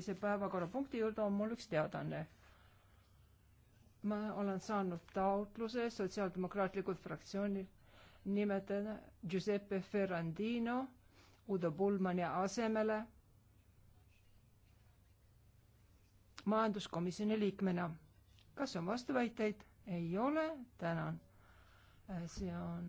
see päevakorrapunkti juurde on mul üks teadaanne. ma olen saanud taotluse Sotsiaaldemokraatlikult fraktsiooni nimetada Giuseppe Ferrandino Udo Bullmani asemele majanduskomisjoni liikmena. kas on vastuväiteid? ei ole, tänan. Äh, see on